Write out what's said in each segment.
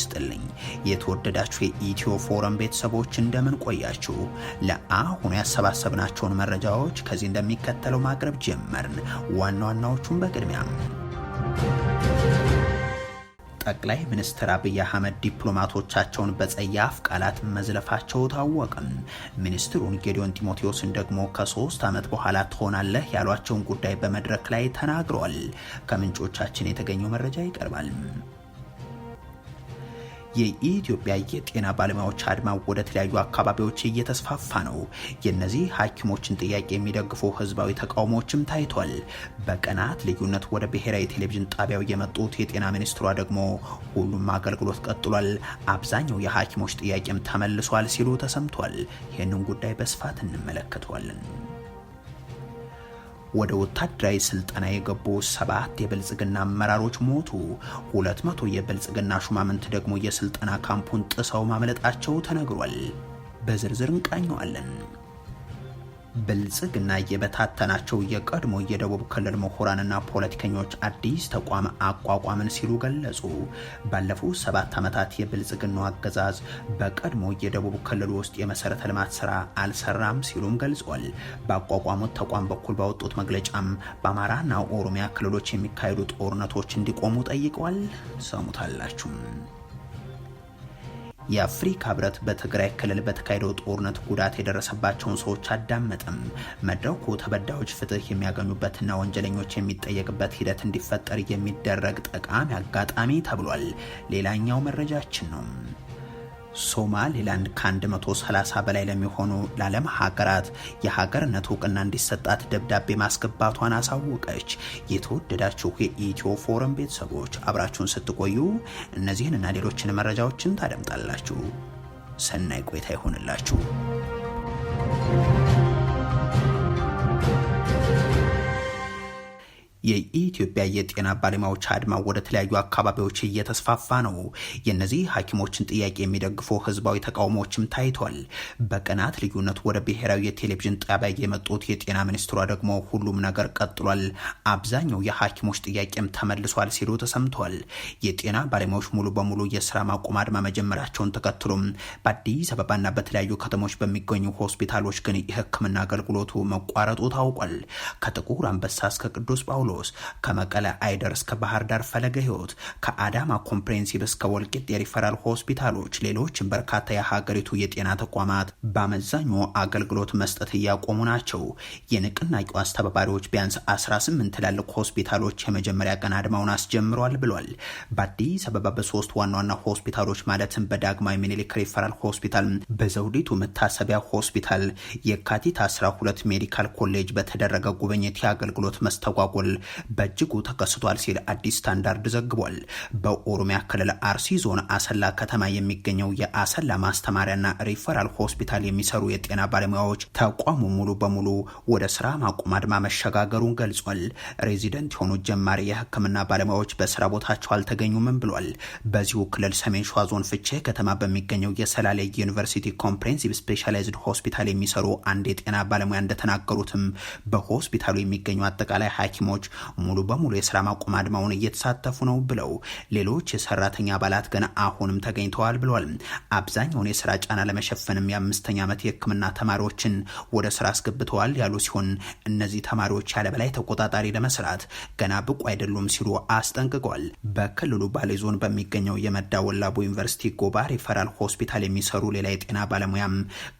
ይስጥልኝ። የተወደዳችሁ የኢትዮ ፎረም ቤተሰቦች እንደምን ቆያችሁ? ለአሁኑ ያሰባሰብናቸውን መረጃዎች ከዚህ እንደሚከተለው ማቅረብ ጀመርን። ዋና ዋናዎቹን በቅድሚያም ጠቅላይ ሚኒስትር አብይ አህመድ ዲፕሎማቶቻቸውን በጸያፍ ቃላት መዝለፋቸው ታወቀም። ሚኒስትሩን ጌዲዮን ጢሞቴዎስን ደግሞ ከሶስት ዓመት በኋላ ትሆናለህ ያሏቸውን ጉዳይ በመድረክ ላይ ተናግረዋል። ከምንጮቻችን የተገኘው መረጃ ይቀርባል። የኢትዮጵያ የጤና ባለሙያዎች አድማ ወደ ተለያዩ አካባቢዎች እየተስፋፋ ነው። የእነዚህ ሐኪሞችን ጥያቄ የሚደግፉ ህዝባዊ ተቃውሞዎችም ታይቷል። በቀናት ልዩነት ወደ ብሔራዊ ቴሌቪዥን ጣቢያው የመጡት የጤና ሚኒስትሯ ደግሞ ሁሉም አገልግሎት ቀጥሏል፣ አብዛኛው የሐኪሞች ጥያቄም ተመልሷል ሲሉ ተሰምቷል። ይህንን ጉዳይ በስፋት እንመለከተዋለን። ወደ ወታደራዊ ስልጠና የገቡ ሰባት የብልጽግና አመራሮች ሞቱ። 200 የብልጽግና ሹማምንት ደግሞ የስልጠና ካምፑን ጥሰው ማምለጣቸው ተነግሯል። በዝርዝር እንቃኘዋለን። ብልጽግና የበታተናቸው የቀድሞ የደቡብ ክልል ምሁራንና ፖለቲከኞች አዲስ ተቋም አቋቋምን ሲሉ ገለጹ። ባለፉት ሰባት ዓመታት የብልጽግናው አገዛዝ በቀድሞ የደቡብ ክልል ውስጥ የመሰረተ ልማት ስራ አልሰራም ሲሉም ገልጿል። በአቋቋሙት ተቋም በኩል ባወጡት መግለጫም በአማራና ኦሮሚያ ክልሎች የሚካሄዱ ጦርነቶች እንዲቆሙ ጠይቀዋል። ሰሙታላችሁም። የአፍሪካ ህብረት በትግራይ ክልል በተካሄደው ጦርነት ጉዳት የደረሰባቸውን ሰዎች አዳመጥም። መድረኩ ተበዳዮች ፍትህ የሚያገኙበትና ወንጀለኞች የሚጠየቅበት ሂደት እንዲፈጠር የሚደረግ ጠቃሚ አጋጣሚ ተብሏል። ሌላኛው መረጃችን ነው። ሶማሌላንድ ከ130 በላይ ለሚሆኑ ለዓለም ሀገራት የሀገርነት እውቅና እንዲሰጣት ደብዳቤ ማስገባቷን አሳወቀች። የተወደዳችሁ የኢትዮ ፎረም ቤተሰቦች አብራችሁን ስትቆዩ እነዚህንና ሌሎችን መረጃዎችን ታደምጣላችሁ። ሰናይ ቆይታ ይሆንላችሁ። የኢትዮጵያ የጤና ባለሙያዎች አድማ ወደ ተለያዩ አካባቢዎች እየተስፋፋ ነው። የእነዚህ ሐኪሞችን ጥያቄ የሚደግፉ ህዝባዊ ተቃውሞዎችም ታይቷል። በቀናት ልዩነት ወደ ብሔራዊ የቴሌቪዥን ጣቢያ የመጡት የጤና ሚኒስትሯ ደግሞ ሁሉም ነገር ቀጥሏል፣ አብዛኛው የሐኪሞች ጥያቄም ተመልሷል ሲሉ ተሰምቷል። የጤና ባለሙያዎች ሙሉ በሙሉ የስራ ማቆም አድማ መጀመራቸውን ተከትሎም በአዲስ አበባና በተለያዩ ከተሞች በሚገኙ ሆስፒታሎች ግን የህክምና አገልግሎቱ መቋረጡ ታውቋል። ከጥቁር አንበሳ እስከ ቅዱስ ጳውሎ ጳውሎስ ከመቀለ አይደር እስከ ባህር ዳር ፈለገ ህይወት ከአዳማ ኮምፕሬንሲቭ እስከ ወልቂጤ የሪፈራል ሆስፒታሎች፣ ሌሎችም በርካታ የሀገሪቱ የጤና ተቋማት በአመዛኙ አገልግሎት መስጠት እያቆሙ ናቸው። የንቅናቄው አስተባባሪዎች ቢያንስ 18 ትላልቅ ሆስፒታሎች የመጀመሪያ ቀን አድማውን አስጀምረዋል ብሏል። በአዲስ አበባ በሶስት ዋና ዋና ሆስፒታሎች ማለትም በዳግማዊ ምኒልክ ሪፈራል ሆስፒታል፣ በዘውዲቱ መታሰቢያ ሆስፒታል፣ የካቲት 12 ሜዲካል ኮሌጅ በተደረገ ጉብኝት የአገልግሎት መስተጓጎል በእጅጉ ተከስቷል ሲል አዲስ ስታንዳርድ ዘግቧል። በኦሮሚያ ክልል አርሲ ዞን አሰላ ከተማ የሚገኘው የአሰላ ማስተማሪያና ሪፈራል ሆስፒታል የሚሰሩ የጤና ባለሙያዎች ተቋሙ ሙሉ በሙሉ ወደ ስራ ማቆም አድማ መሸጋገሩን ገልጿል። ሬዚደንት የሆኑ ጀማሪ የህክምና ባለሙያዎች በስራ ቦታቸው አልተገኙምም ብሏል። በዚሁ ክልል ሰሜን ሸዋ ዞን ፍቼ ከተማ በሚገኘው የሰላሌ ዩኒቨርሲቲ ኮምፕሬንሲቭ ስፔሻላይዝድ ሆስፒታል የሚሰሩ አንድ የጤና ባለሙያ እንደተናገሩትም በሆስፒታሉ የሚገኙ አጠቃላይ ሐኪሞች ሙሉ በሙሉ የስራ ማቆም አድማውን እየተሳተፉ ነው ብለው ሌሎች የሰራተኛ አባላት ገና አሁንም ተገኝተዋል ብሏል። አብዛኛውን የስራ ጫና ለመሸፈንም የአምስተኛ ዓመት የህክምና ተማሪዎችን ወደ ስራ አስገብተዋል ያሉ ሲሆን እነዚህ ተማሪዎች ያለበላይ ተቆጣጣሪ ለመስራት ገና ብቁ አይደሉም ሲሉ አስጠንቅቀዋል። በክልሉ ባሌ ዞን በሚገኘው የመዳ ወላቡ ዩኒቨርሲቲ ጎባ ሪፈራል ሆስፒታል የሚሰሩ ሌላ የጤና ባለሙያም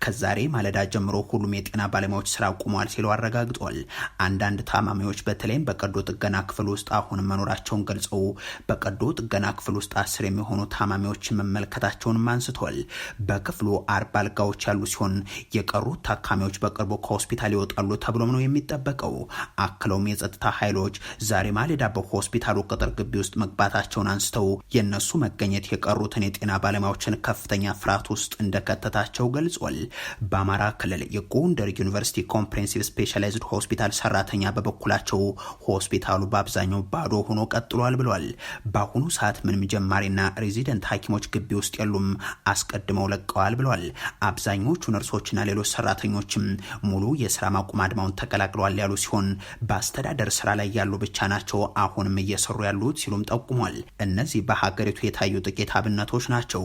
ከዛሬ ማለዳ ጀምሮ ሁሉም የጤና ባለሙያዎች ስራ አቁመዋል ሲሉ አረጋግጧል። አንዳንድ ታማሚዎች በተለይም በቀዶ ጥገና ክፍል ውስጥ አሁን መኖራቸውን ገልጸው በቀዶ ጥገና ክፍል ውስጥ አስር የሚሆኑ ታማሚዎችን መመልከታቸውንም አንስቷል። በክፍሉ አርባ አልጋዎች ያሉ ሲሆን የቀሩት ታካሚዎች በቅርቡ ከሆስፒታል ይወጣሉ ተብሎም ነው የሚጠበቀው። አክለውም የጸጥታ ኃይሎች ዛሬ ማለዳ በሆስፒታሉ ቅጥር ግቢ ውስጥ መግባታቸውን አንስተው የእነሱ መገኘት የቀሩትን የጤና ባለሙያዎችን ከፍተኛ ፍርሃት ውስጥ እንደከተታቸው ገልጿል። በአማራ ክልል የጎንደር ዩኒቨርሲቲ ኮምፕሬንሲቭ ስፔሻላይዝድ ሆስፒታል ሰራተኛ በበኩላቸው ሆስፒታሉ በአብዛኛው ባዶ ሆኖ ቀጥሏል ብሏል። በአሁኑ ሰዓት ምንም ጀማሪና ሬዚደንት ሐኪሞች ግቢ ውስጥ የሉም፣ አስቀድመው ለቀዋል ብሏል። አብዛኞቹ ነርሶችና ሌሎች ሰራተኞችም ሙሉ የስራ ማቆም አድማውን ተቀላቅለዋል ያሉ ሲሆን በአስተዳደር ስራ ላይ ያሉ ብቻ ናቸው አሁንም እየሰሩ ያሉት ሲሉም ጠቁሟል። እነዚህ በሀገሪቱ የታዩ ጥቂት አብነቶች ናቸው።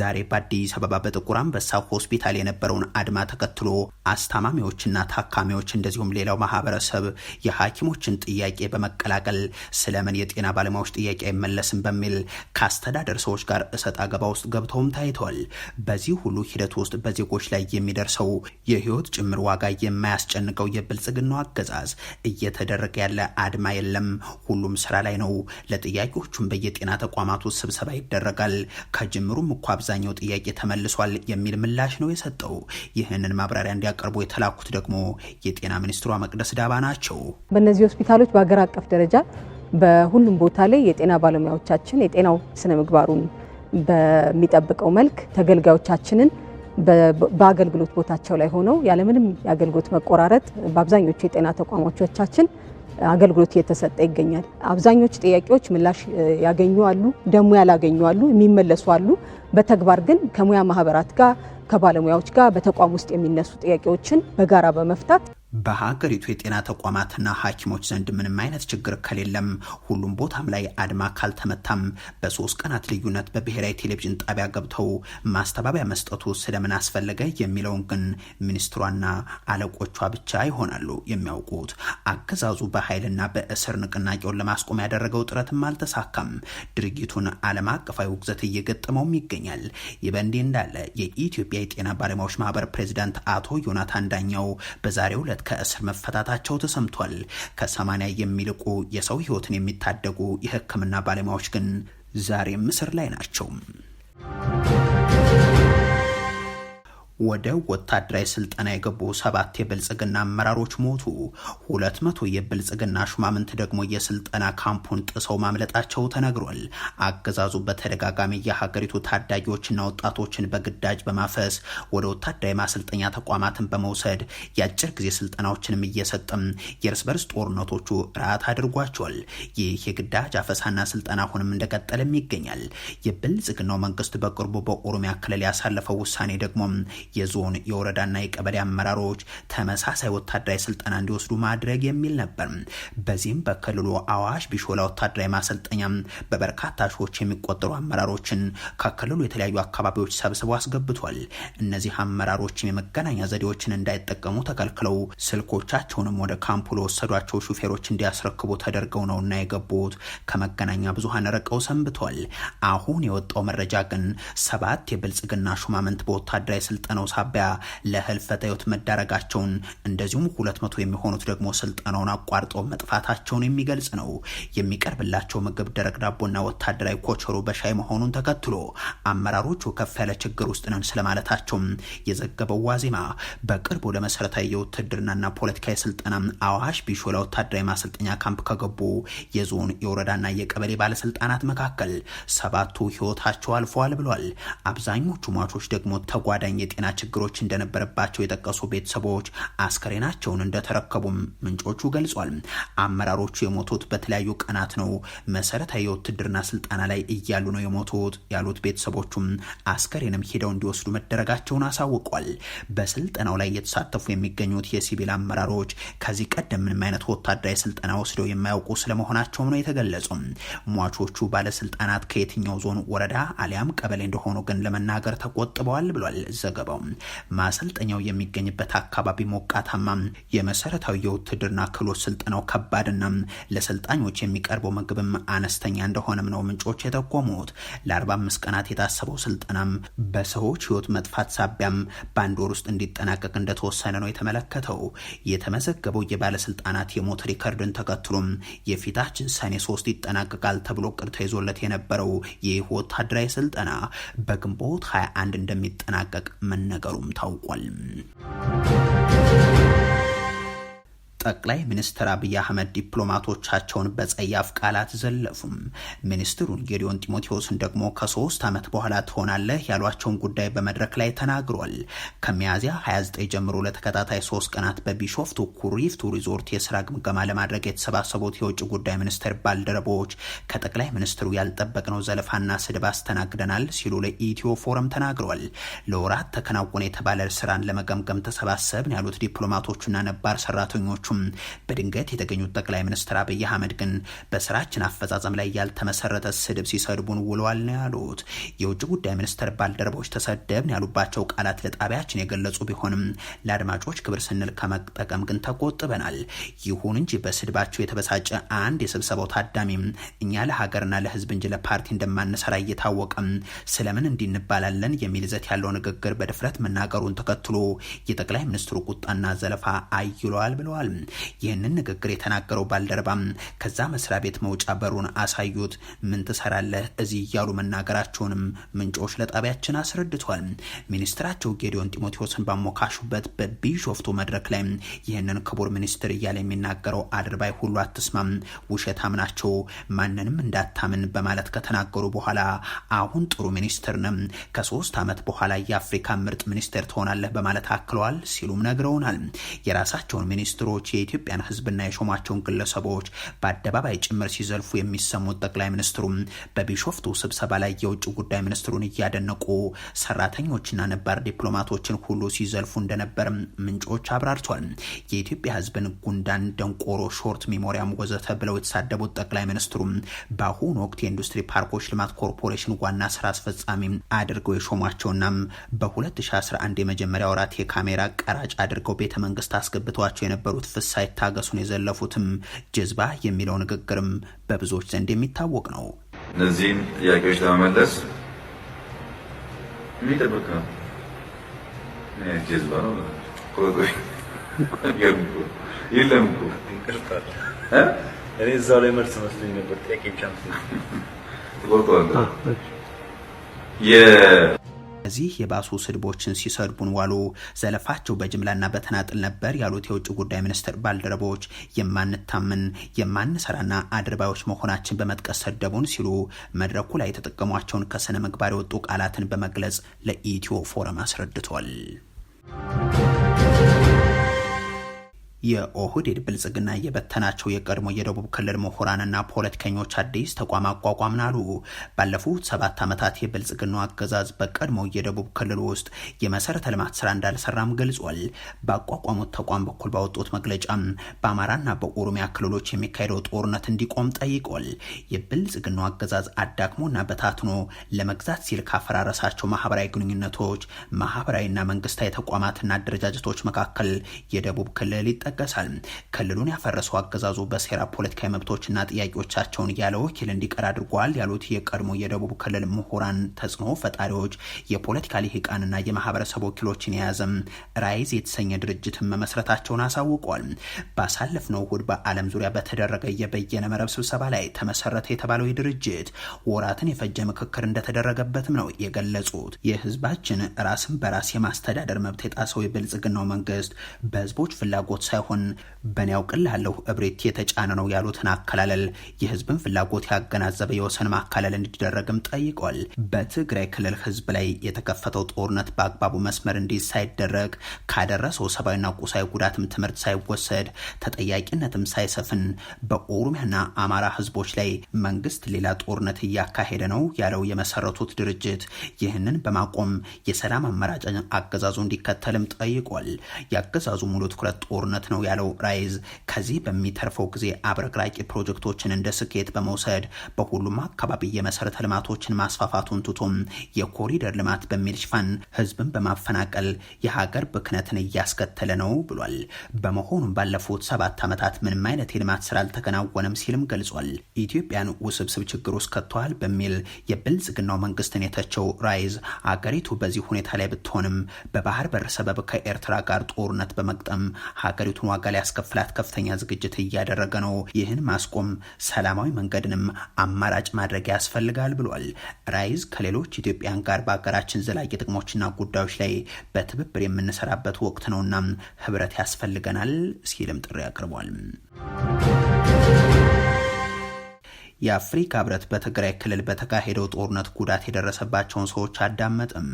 ዛሬ በአዲስ አበባ በጥቁር አንበሳ ሆስፒታል የነበረውን አድማ ተከትሎ አስታማሚዎችና ታካሚዎች እንደዚሁም ሌላው ማህበረሰብ የሐኪሞችን ጥያ ጥያቄ በመቀላቀል ስለምን የጤና ባለሙያዎች ጥያቄ አይመለስም በሚል ከአስተዳደር ሰዎች ጋር እሰጥ አገባ ውስጥ ገብተውም ታይተዋል። በዚህ ሁሉ ሂደት ውስጥ በዜጎች ላይ የሚደርሰው የህይወት ጭምር ዋጋ የማያስጨንቀው የብልጽግናው አገዛዝ እየተደረገ ያለ አድማ የለም፣ ሁሉም ስራ ላይ ነው። ለጥያቄዎቹም በየጤና ተቋማቱ ስብሰባ ይደረጋል። ከጅምሩም እኮ አብዛኛው ጥያቄ ተመልሷል የሚል ምላሽ ነው የሰጠው። ይህንን ማብራሪያ እንዲያቀርቡ የተላኩት ደግሞ የጤና ሚኒስትሯ መቅደስ ዳባ ናቸው። በእነዚህ ሆስፒታሎች በሀገር አቀፍ ደረጃ በሁሉም ቦታ ላይ የጤና ባለሙያዎቻችን የጤናው ስነ ምግባሩን በሚጠብቀው መልክ ተገልጋዮቻችንን በአገልግሎት ቦታቸው ላይ ሆነው ያለምንም የአገልግሎት መቆራረጥ በአብዛኞቹ የጤና ተቋሞቻችን አገልግሎት እየተሰጠ ይገኛል። አብዛኞቹ ጥያቄዎች ምላሽ ያገኙ አሉ፣ ደግሞ ያላገኙ አሉ፣ የሚመለሱ አሉ። በተግባር ግን ከሙያ ማህበራት ጋር ከባለሙያዎች ጋር በተቋም ውስጥ የሚነሱ ጥያቄዎችን በጋራ በመፍታት በሀገሪቱ የጤና ተቋማትና ሐኪሞች ዘንድ ምንም አይነት ችግር ከሌለም ሁሉም ቦታም ላይ አድማ ካልተመታም በሶስት ቀናት ልዩነት በብሔራዊ ቴሌቪዥን ጣቢያ ገብተው ማስተባበያ መስጠቱ ስለምን አስፈለገ የሚለውን ግን ሚኒስትሯና አለቆቿ ብቻ ይሆናሉ የሚያውቁት። አገዛዙ በኃይልና በእስር ንቅናቄውን ለማስቆም ያደረገው ጥረትም አልተሳካም። ድርጊቱን ዓለም አቀፋዊ ውግዘት እየገጠመውም ይገኛል። ይህ በእንዲህ እንዳለ የኢትዮጵያ የጤና ባለሙያዎች ማህበር ፕሬዚዳንት አቶ ዮናታን ዳኛው በዛሬው ዕለት ከእስር መፈታታቸው ተሰምቷል። ከሰማንያ የሚልቁ የሰው ህይወትን የሚታደጉ የህክምና ባለሙያዎች ግን ዛሬም እስር ላይ ናቸው። ወደ ወታደራዊ ስልጠና የገቡ ሰባት የብልጽግና አመራሮች ሞቱ። ሁለት መቶ የብልጽግና ሹማምንት ደግሞ የስልጠና ካምፑን ጥሰው ማምለጣቸው ተነግሯል። አገዛዙ በተደጋጋሚ የሀገሪቱ ታዳጊዎችና ወጣቶችን በግዳጅ በማፈስ ወደ ወታደራዊ ማሰልጠኛ ተቋማትን በመውሰድ የአጭር ጊዜ ስልጠናዎችንም እየሰጠም የእርስ በርስ ጦርነቶቹ ርዓት አድርጓቸዋል። ይህ የግዳጅ አፈሳና ስልጠና አሁንም እንደቀጠለም ይገኛል። የብልጽግናው መንግስት በቅርቡ በኦሮሚያ ክልል ያሳለፈው ውሳኔ ደግሞ የዞን የወረዳና የቀበሌ አመራሮች ተመሳሳይ ወታደራዊ ስልጠና እንዲወስዱ ማድረግ የሚል ነበር። በዚህም በክልሉ አዋሽ ቢሾላ ወታደራዊ ማሰልጠኛ በበርካታ ሺዎች የሚቆጠሩ አመራሮችን ከክልሉ የተለያዩ አካባቢዎች ሰብስበ አስገብቷል። እነዚህ አመራሮችም የመገናኛ ዘዴዎችን እንዳይጠቀሙ ተከልክለው ስልኮቻቸውንም ወደ ካምፑ ለወሰዷቸው ሹፌሮች እንዲያስረክቡ ተደርገው ነውና የገቡት ከመገናኛ ብዙሀን ረቀው ሰንብቷል። አሁን የወጣው መረጃ ግን ሰባት የብልጽግና ሹማምንት በወታደራዊ ስልጠና በስልጠናው ሳቢያ ለህልፈተ ህይወት መዳረጋቸውን እንደዚሁም ሁለት መቶ የሚሆኑት ደግሞ ስልጠናውን አቋርጠው መጥፋታቸውን የሚገልጽ ነው። የሚቀርብላቸው ምግብ ደረቅ ዳቦና ወታደራዊ ኮቸሮ በሻይ መሆኑን ተከትሎ አመራሮቹ ከፍ ያለ ችግር ውስጥ ነን ስለማለታቸውም የዘገበው ዋዜማ በቅርቡ ለመሰረታዊ የውትድርናና ፖለቲካዊ ስልጠና አዋሽ ቢሾላ ወታደራዊ ማሰልጠኛ ካምፕ ከገቡ የዞን የወረዳና የቀበሌ ባለስልጣናት መካከል ሰባቱ ህይወታቸው አልፈዋል ብሏል። አብዛኞቹ ሟቾች ደግሞ ተጓዳኝ የጤና የጤና ችግሮች እንደነበረባቸው የጠቀሱ ቤተሰቦች አስከሬናቸውን እንደተረከቡም ምንጮቹ ገልጿል። አመራሮቹ የሞቱት በተለያዩ ቀናት ነው፣ መሰረታዊ የውትድርና ስልጠና ላይ እያሉ ነው የሞቱት ያሉት ቤተሰቦቹም አስከሬንም ሂደው እንዲወስዱ መደረጋቸውን አሳውቋል። በስልጠናው ላይ እየተሳተፉ የሚገኙት የሲቪል አመራሮች ከዚህ ቀደም ምንም አይነት ወታደራዊ ስልጠና ወስደው የማያውቁ ስለመሆናቸውም ነው የተገለጹ። ሟቾቹ ባለስልጣናት ከየትኛው ዞን፣ ወረዳ አሊያም ቀበሌ እንደሆኑ ግን ለመናገር ተቆጥበዋል ብሏል ዘገባው። የተደረገው። ማሰልጠኛው የሚገኝበት አካባቢ ሞቃታማ፣ የመሰረታዊ የውትድርና ክህሎት ስልጠናው ከባድና ለሰልጣኞች የሚቀርበው ምግብም አነስተኛ እንደሆነም ነው ምንጮች የጠቆሙት። ለ45 ቀናት የታሰበው ስልጠናም በሰዎች ህይወት መጥፋት ሳቢያም በአንድ ወር ውስጥ እንዲጠናቀቅ እንደተወሰነ ነው የተመለከተው። የተመዘገበው የባለስልጣናት የሞት ሪከርድን ተከትሎም የፊታችን ሰኔ ሶስት ይጠናቀቃል ተብሎ ቅድ ተይዞለት የነበረው ይህ ወታደራዊ ስልጠና በግንቦት 21 እንደሚጠናቀቅ ምን መነገሩም ታውቋል። ጠቅላይ ሚኒስትር አብይ አህመድ ዲፕሎማቶቻቸውን በጸያፍ ቃላት ዘለፉም። ሚኒስትሩን ጌዲዮን ጢሞቴዎስን ደግሞ ከሶስት ዓመት በኋላ ትሆናለህ ያሏቸውን ጉዳይ በመድረክ ላይ ተናግሯል። ከሚያዝያ 29 ጀምሮ ለተከታታይ ሶስት ቀናት በቢሾፍቱ ኩሪፍቱ ሪዞርት የስራ ግምገማ ለማድረግ የተሰባሰቡት የውጭ ጉዳይ ሚኒስቴር ባልደረቦች ከጠቅላይ ሚኒስትሩ ያልጠበቅነው ዘለፋና ስድብ አስተናግደናል ሲሉ ለኢትዮ ፎረም ተናግሯል ለወራት ተከናወነ የተባለ ስራን ለመገምገም ተሰባሰብን ያሉት ዲፕሎማቶቹና ነባር ሰራተኞቹ አልተመለሱም። በድንገት የተገኙት ጠቅላይ ሚኒስትር አብይ አህመድ ግን በስራችን አፈጻጸም ላይ ያልተመሰረተ ስድብ ሲሰድቡን ውለዋል ነው ያሉት። የውጭ ጉዳይ ሚኒስትር ባልደረቦች ተሰደብን ያሉባቸው ቃላት ለጣቢያችን የገለጹ ቢሆንም ለአድማጮች ክብር ስንል ከመጠቀም ግን ተቆጥበናል። ይሁን እንጂ በስድባቸው የተበሳጨ አንድ የስብሰባው ታዳሚም እኛ ለሀገርና ለህዝብ እንጂ ለፓርቲ እንደማንሰራ እየታወቀም ስለምን እንዲንባላለን የሚል ይዘት ያለው ንግግር በድፍረት መናገሩን ተከትሎ የጠቅላይ ሚኒስትሩ ቁጣና ዘለፋ አይሏል ብለዋል። ይህንን ንግግር የተናገረው ባልደረባም ከዛ መስሪያ ቤት መውጫ በሩን አሳዩት፣ ምን ትሰራለህ እዚህ እያሉ መናገራቸውንም ምንጮች ለጣቢያችን አስረድቷል። ሚኒስትራቸው ጌዲዮን ጢሞቴዎስን ባሞካሹበት በቢሾፍቱ መድረክ ላይ ይህንን ክቡር ሚኒስትር እያለ የሚናገረው አድርባይ ሁሉ አትስማም፣ ውሸታም ናቸው፣ ማንንም እንዳታምን በማለት ከተናገሩ በኋላ አሁን ጥሩ ሚኒስትር ነም ከሶስት ዓመት በኋላ የአፍሪካ ምርጥ ሚኒስትር ትሆናለህ በማለት አክለዋል ሲሉም ነግረውናል። የራሳቸውን ሚኒስትሮች የኢትዮጵያን ህዝብና የሾማቸውን ግለሰቦች በአደባባይ ጭምር ሲዘልፉ የሚሰሙት ጠቅላይ ሚኒስትሩም በቢሾፍቱ ስብሰባ ላይ የውጭ ጉዳይ ሚኒስትሩን እያደነቁ ሰራተኞችና ነባር ዲፕሎማቶችን ሁሉ ሲዘልፉ እንደነበር ምንጮች አብራርቷል። የኢትዮጵያ ህዝብን ጉንዳን፣ ደንቆሮ፣ ሾርት ሚሞሪያም ወዘተ ብለው የተሳደቡት ጠቅላይ ሚኒስትሩም በአሁኑ ወቅት የኢንዱስትሪ ፓርኮች ልማት ኮርፖሬሽን ዋና ስራ አስፈጻሚ አድርገው የሾሟቸውና በ2011 የመጀመሪያ ወራት የካሜራ ቀራጭ አድርገው ቤተ መንግስት አስገብተዋቸው የነበሩት ክስ ሳይታገሱን የዘለፉትም ጀዝባ የሚለው ንግግርም በብዙዎች ዘንድ የሚታወቅ ነው። እነዚህም ጥያቄዎች ለመመለስ የሚጠብቅ ነው። ጀዝባ ነው። የለም እኔ እዛው ላይ መልስ መስሎኝ ነበር። ጥያቄ ብቻ መስሎኝ እዚህ የባሱ ስድቦችን ሲሰድቡን ዋሉ። ዘለፋቸው በጅምላና በተናጥል ነበር ያሉት የውጭ ጉዳይ ሚኒስትር ባልደረቦች የማንታምን የማንሰራና አድርባዮች መሆናችን በመጥቀስ ሰደቡን ሲሉ መድረኩ ላይ የተጠቀሟቸውን ከስነ ምግባር የወጡ ቃላትን በመግለጽ ለኢትዮ ፎረም አስረድቷል። የኦህዴድ ብልጽግና የበተናቸው የቀድሞ የደቡብ ክልል ምሁራንና ፖለቲከኞች አዲስ ተቋም አቋቋምን አሉ። ባለፉት ሰባት ዓመታት የብልጽግናው አገዛዝ በቀድሞ የደቡብ ክልል ውስጥ የመሰረተ ልማት ስራ እንዳልሰራም ገልጿል። በአቋቋሙት ተቋም በኩል ባወጡት መግለጫም በአማራና በኦሮሚያ ክልሎች የሚካሄደው ጦርነት እንዲቆም ጠይቋል። የብልጽግናው አገዛዝ አዳክሞና በታትኖ ለመግዛት ሲል ካፈራረሳቸው ማህበራዊ ግንኙነቶች፣ ማህበራዊና መንግስታዊ ተቋማትና አደረጃጀቶች መካከል የደቡብ ክልል ይጠቀሳል። ክልሉን ያፈረሰው አገዛዙ በሴራ ፖለቲካዊ መብቶችና ጥያቄዎቻቸውን ያለ ወኪል እንዲቀር አድርጓል ያሉት የቀድሞ የደቡብ ክልል ምሁራን፣ ተጽዕኖ ፈጣሪዎች፣ የፖለቲካ ልሂቃንና የማህበረሰብ ወኪሎችን የያዘም ራይዝ የተሰኘ ድርጅትን መመስረታቸውን አሳውቋል። ባሳለፍነው እሁድ በዓለም ዙሪያ በተደረገ የበየነ መረብ ስብሰባ ላይ ተመሰረተ የተባለው ድርጅት ወራትን የፈጀ ምክክር እንደተደረገበትም ነው የገለጹት። የህዝባችን ራስን በራስ የማስተዳደር መብት የጣሰው የብልጽግናው መንግስት በህዝቦች ፍላጎት ሳይሆን ሳይሆን በኔ ያውቅልሃለሁ እብሪት የተጫነ ነው ያሉትን አከላለል የህዝብን ፍላጎት ያገናዘበ የወሰን ማካለል እንዲደረግም ጠይቋል። በትግራይ ክልል ህዝብ ላይ የተከፈተው ጦርነት በአግባቡ መስመር እንዲይዝ ሳይደረግ ካደረሰው ሰብአዊና ቁሳዊ ጉዳትም ትምህርት ሳይወሰድ ተጠያቂነትም ሳይሰፍን በኦሮሚያና አማራ ህዝቦች ላይ መንግስት ሌላ ጦርነት እያካሄደ ነው ያለው የመሰረቱት ድርጅት ይህንን በማቆም የሰላም አማራጭ አገዛዙ እንዲከተልም ጠይቋል። የአገዛዙ ሙሉ ትኩረት ጦርነት ነው ያለው ራይዝ ከዚህ በሚተርፈው ጊዜ አብረቅራቂ ፕሮጀክቶችን እንደ ስኬት በመውሰድ በሁሉም አካባቢ የመሰረተ ልማቶችን ማስፋፋቱን ትቶም የኮሪደር ልማት በሚል ሽፋን ህዝብን በማፈናቀል የሀገር ብክነትን እያስከተለ ነው ብሏል። በመሆኑም ባለፉት ሰባት ዓመታት ምንም አይነት የልማት ስራ አልተከናወነም ሲልም ገልጿል። ኢትዮጵያን ውስብስብ ችግር ውስጥ ከተዋል በሚል የብልጽግናው መንግስትን የተቸው ራይዝ አገሪቱ በዚህ ሁኔታ ላይ ብትሆንም በባህር በር ሰበብ ከኤርትራ ጋር ጦርነት በመግጠም ሀገሪቱ ሀገሪቱን ዋጋ ሊያስከፍላት ከፍተኛ ዝግጅት እያደረገ ነው። ይህን ማስቆም ሰላማዊ መንገድንም አማራጭ ማድረግ ያስፈልጋል ብሏል። ራይዝ ከሌሎች ኢትዮጵያን ጋር በሀገራችን ዘላቂ ጥቅሞችና ጉዳዮች ላይ በትብብር የምንሰራበት ወቅት ነውና ህብረት ያስፈልገናል ሲልም ጥሪ አቅርቧል። የአፍሪካ ህብረት በትግራይ ክልል በተካሄደው ጦርነት ጉዳት የደረሰባቸውን ሰዎች አዳመጥም።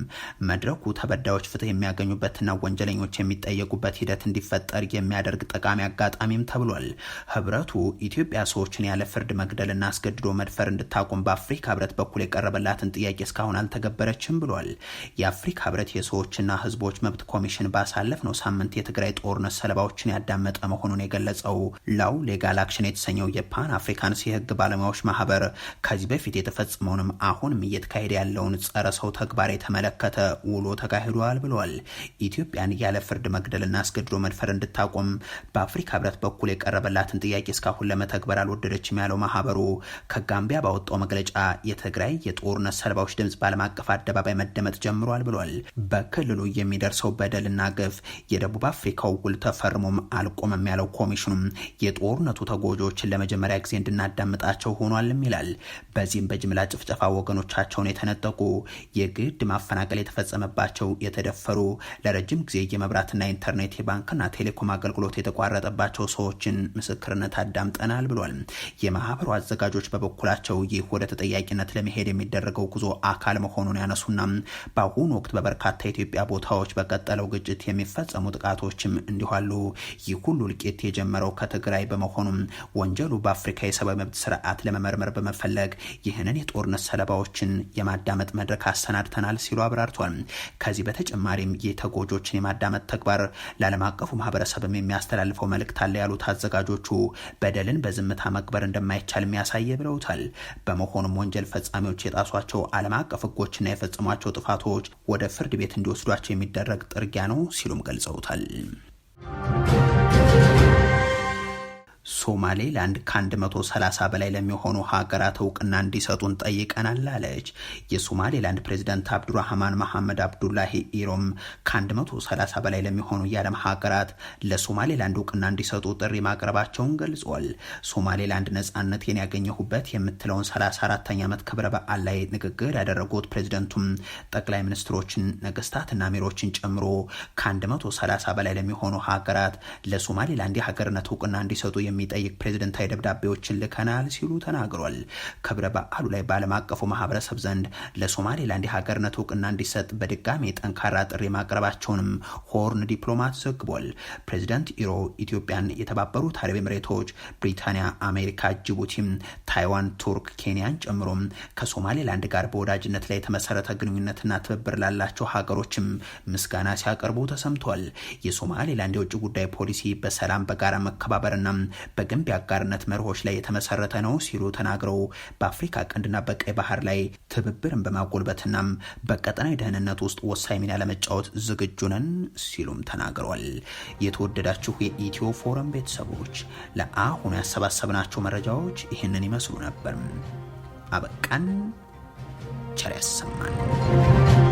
መድረኩ ተበዳዮች ፍትህ የሚያገኙበትና ወንጀለኞች የሚጠየቁበት ሂደት እንዲፈጠር የሚያደርግ ጠቃሚ አጋጣሚም ተብሏል። ህብረቱ ኢትዮጵያ ሰዎችን ያለ ፍርድ መግደልና አስገድዶ መድፈር እንድታቆም በአፍሪካ ህብረት በኩል የቀረበላትን ጥያቄ እስካሁን አልተገበረችም ብሏል። የአፍሪካ ህብረት የሰዎችና ህዝቦች መብት ኮሚሽን ነው ሳምንት የትግራይ ጦርነት ሰለባዎችን ያዳመጠ መሆኑን የገለጸው ላው ሌጋል አክሽን የተሰኘው የፓን አፍሪካንስ የህግ ባለሙያዎች ባለሙያዎች ማህበር ከዚህ በፊት የተፈጸመውንም አሁንም እየተካሄደ ያለውን ጸረ ሰው ተግባር የተመለከተ ውሎ ተካሂዷል ብለዋል። ኢትዮጵያን ያለ ፍርድ መግደልና አስገድዶ መድፈር እንድታቆም በአፍሪካ ህብረት በኩል የቀረበላትን ጥያቄ እስካሁን ለመተግበር አልወደደችም ያለው ማህበሩ ከጋምቢያ ባወጣው መግለጫ የትግራይ የጦርነት ሰለባዎች ድምጽ በዓለም አቀፍ አደባባይ መደመጥ ጀምሯል ብሏል። በክልሉ የሚደርሰው በደልና ግፍ የደቡብ አፍሪካው ውል ተፈርሞም አልቆመም ያለው ኮሚሽኑም የጦርነቱ ተጎጂዎችን ለመጀመሪያ ጊዜ እንድናዳምጣቸው ሆኗልም ይላል። በዚህም በጅምላ ጭፍጨፋ ወገኖቻቸውን የተነጠቁ የግድ ማፈናቀል የተፈጸመባቸው፣ የተደፈሩ፣ ለረጅም ጊዜ የመብራትና ኢንተርኔት የባንክና ቴሌኮም አገልግሎት የተቋረጠባቸው ሰዎችን ምስክርነት አዳምጠናል ብሏል። የማህበሩ አዘጋጆች በበኩላቸው ይህ ወደ ተጠያቂነት ለመሄድ የሚደረገው ጉዞ አካል መሆኑን ያነሱና በአሁኑ ወቅት በበርካታ የኢትዮጵያ ቦታዎች በቀጠለው ግጭት የሚፈጸሙ ጥቃቶችም እንዲሁ አሉ። ይህ ሁሉ እልቂት የጀመረው ከትግራይ በመሆኑም ወንጀሉ በአፍሪካ የሰብአዊ መብት ስርዓት ለመመርመር በመፈለግ ይህንን የጦርነት ሰለባዎችን የማዳመጥ መድረክ አሰናድተናል ሲሉ አብራርቷል። ከዚህ በተጨማሪም የተጎጆችን የማዳመጥ ተግባር ለዓለም አቀፉ ማህበረሰብም የሚያስተላልፈው መልእክት አለ ያሉት አዘጋጆቹ በደልን በዝምታ መቅበር እንደማይቻል የሚያሳየ ብለውታል። በመሆኑም ወንጀል ፈጻሚዎች የጣሷቸው ዓለም አቀፍ ህጎችና የፈጸሟቸው ጥፋቶች ወደ ፍርድ ቤት እንዲወስዷቸው የሚደረግ ጥርጊያ ነው ሲሉም ገልጸውታል። ሶማሌ ላንድ ከ130 በላይ ለሚሆኑ ሀገራት እውቅና እንዲሰጡን ጠይቀናል አለች። የሶማሌላንድ ፕሬዚደንት አብዱራህማን መሐመድ አብዱላሂ ኢሮም ከ130 በላይ ለሚሆኑ የዓለም ሀገራት ለሶማሌላንድ እውቅና እንዲሰጡ ጥሪ ማቅረባቸውን ገልጿል። ሶማሌላንድ ነጻነቴን ያገኘሁበት የምትለውን 34ተኛ ዓመት ክብረ በዓል ላይ ንግግር ያደረጉት ፕሬዚደንቱም ጠቅላይ ሚኒስትሮችን፣ ነገስታትና ሜሮችን ጨምሮ ከ130 በላይ ለሚሆኑ ሀገራት ለሶማሌላንድ የሀገርነት እውቅና እንዲሰጡ የሚጠይቅ ፕሬዝደንታዊ ደብዳቤዎችን ልከናል ሲሉ ተናግሯል። ክብረ በዓሉ ላይ በዓለም አቀፉ ማህበረሰብ ዘንድ ለሶማሌላንድ የሀገርነት እውቅና እንዲሰጥ በድጋሚ ጠንካራ ጥሪ ማቅረባቸውንም ሆርን ዲፕሎማት ዘግቧል። ፕሬዝደንት ኢሮ ኢትዮጵያን፣ የተባበሩት አረብ ኤምሬቶች፣ ብሪታንያ፣ አሜሪካ፣ ጅቡቲም፣ ታይዋን፣ ቱርክ፣ ኬንያን ጨምሮም ከሶማሌላንድ ጋር በወዳጅነት ላይ የተመሰረተ ግንኙነትና ትብብር ላላቸው ሀገሮችም ምስጋና ሲያቀርቡ ተሰምቷል። የሶማሌላንድ የውጭ ጉዳይ ፖሊሲ በሰላም በጋራ መከባበርና በግንብ አጋርነት መርሆች ላይ የተመሰረተ ነው ሲሉ ተናግረው በአፍሪካ ቀንድና በቀይ ባህር ላይ ትብብርን በማጎልበትናም በቀጠናዊ ደህንነት ውስጥ ወሳኝ ሚና ለመጫወት ዝግጁ ነን ሲሉም ተናግረዋል። የተወደዳችሁ የኢትዮ ፎረም ቤተሰቦች ለአሁኑ ያሰባሰብናቸው መረጃዎች ይህንን ይመስሉ ነበር። አበቃን። ቸር ያሰማን።